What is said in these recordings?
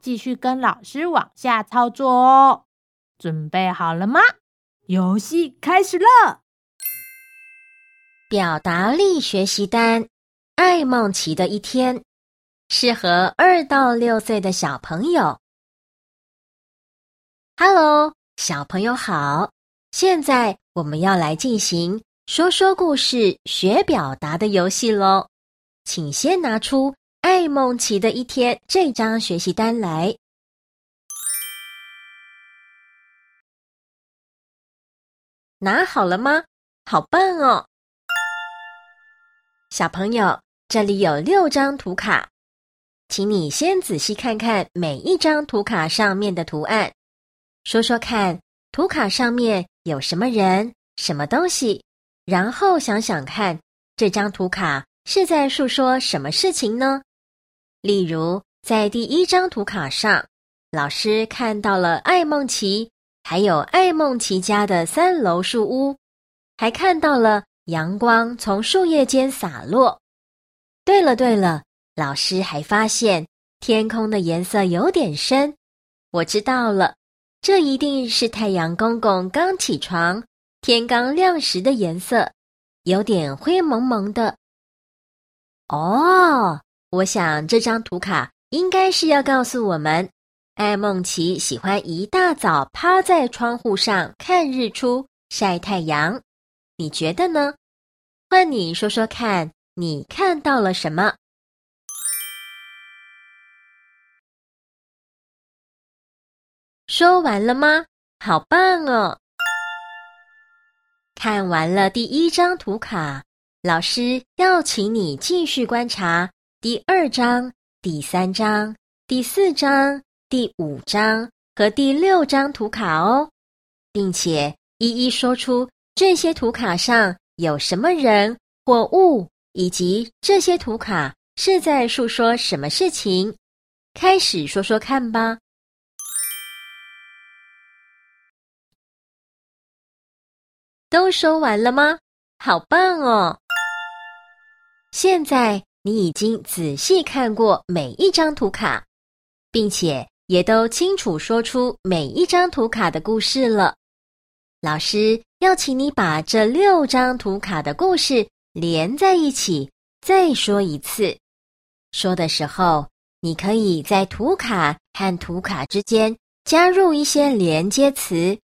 繼續跟老師往下操作哦，準備好了嗎？遊戲開始了。表達力學習單《愛孟奇的一天》，適合二到六歲的小朋友。Hello，小朋友好，現在我們要來進行說說故事、學表達的遊戲咯，請先拿出。愛孟奇的一天，這張學習單來拿好了嗎？好棒哦，小朋友，這裡有六張圖卡，請你先仔細看看每一張圖卡上面的圖案，說說看圖卡上面有什麼人、什麼東西，然後想想看這張圖卡是在訴說什麼事情呢？例如，在第一張圖卡上，老師看到了愛孟奇，還有愛孟奇家的三樓樹屋，還看到了陽光從樹葉間灑落。對了對了，老師還發現天空的顏色有點深。我知道了，這一定是太陽公公剛起床，天剛亮時的顏色，有點灰濛濛的。哦。我想這張圖卡應該是要告訴我們，愛孟奇喜歡一大早趴在窗戶上看日出曬太陽。你覺得呢？換你說說看，你看到了什麼？說完了嗎？好棒哦！看完了第一張圖卡，老師要請你繼續觀察。第二張、第三張、第四張、第五張和第六張圖卡哦，並且一一說出這些圖卡上有什麼人或物，以及這些圖卡是在訴說什麼事情。開始說說看吧。都說完了嗎？好棒哦！現在。你已經仔細看過每一張圖卡，並且也都清楚說出每一張圖卡的故事了。老師要請你把這六張圖卡的故事連在一起，再說一次。說的時候，你可以在圖卡和圖卡之間加入一些連接詞，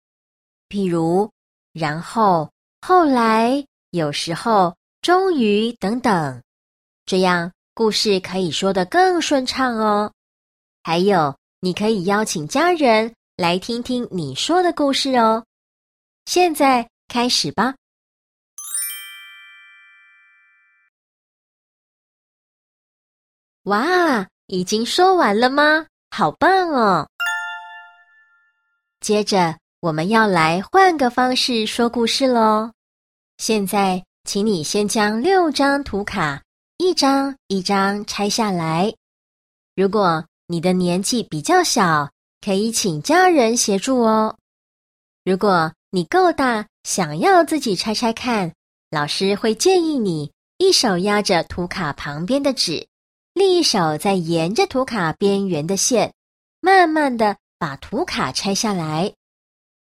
譬如“然後”“後來”“有時候”“終於”等等。這樣故事可以說得更順暢哦。還有，你可以邀請家人來聽聽你說的故事哦。現在開始吧。哇，已經說完了嗎？好棒哦！接着，我們要來換個方式說故事嘍。現在，請你先將六張圖卡，一張一張拆下來。如果你的年紀比較小，可以請家人協助哦。如果你夠大，想要自己拆拆看，老師會建議你一手壓着圖卡旁邊的紙，另一手再沿着圖卡邊緣的線，慢慢的把圖卡拆下來。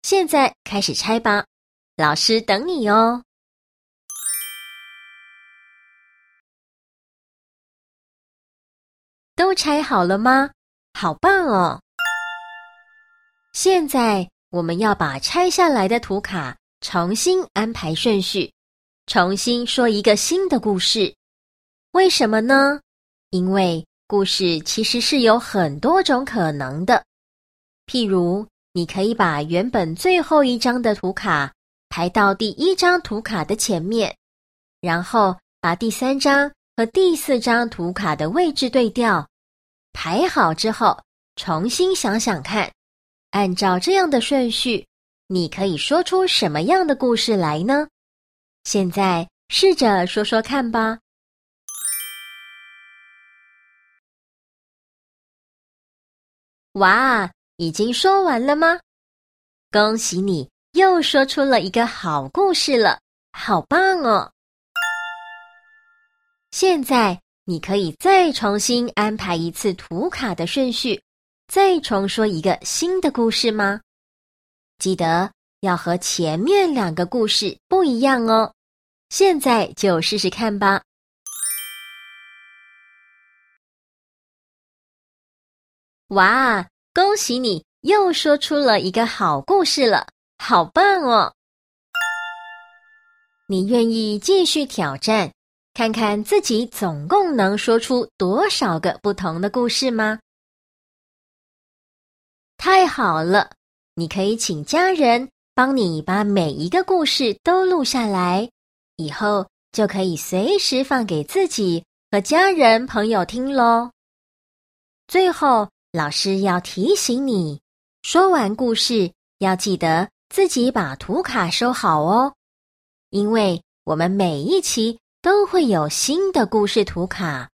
現在開始拆吧，老師等你哦。都拆好了嗎？好棒哦！現在我們要把拆下來的圖卡重新安排順序，重新說一個新的故事。為什麼呢？因為故事其實是有很多種可能的。譬如，你可以把原本最後一張的圖卡排到第一張圖卡的前面，然後把第三張和第四張圖卡的位置對調。排好之後，重新想想看，按照這樣的順序，你可以說出什麼樣的故事來呢？現在試着說說看吧。哇，已經說完了嗎？恭喜你，又說出了一個好故事了，好棒哦！現在，你可以再重新安排一次圖卡的順序，再重說一個新的故事嗎？記得要和前面兩個故事不一樣哦。現在就試試看吧。哇，恭喜你又說出了一個好故事了，好棒哦！你願意繼續挑戰？看看自己總共能說出多少個不同的故事嗎？太好了，你可以請家人幫你把每一個故事都錄下來，以後就可以隨時放給自己和家人朋友聽嘍。最後，老師要提醒你，說完故事要記得自己把圖卡收好哦，因為我們每一期。都會有新的故事圖卡，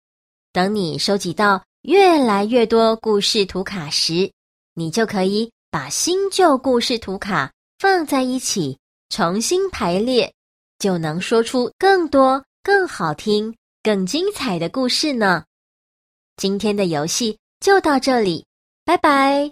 等你收集到越來越多故事圖卡時，你就可以把新舊故事圖卡放在一起重新排列，就能說出更多、更好聽、更精彩的故事呢。今天的遊戲就到這裡，拜拜。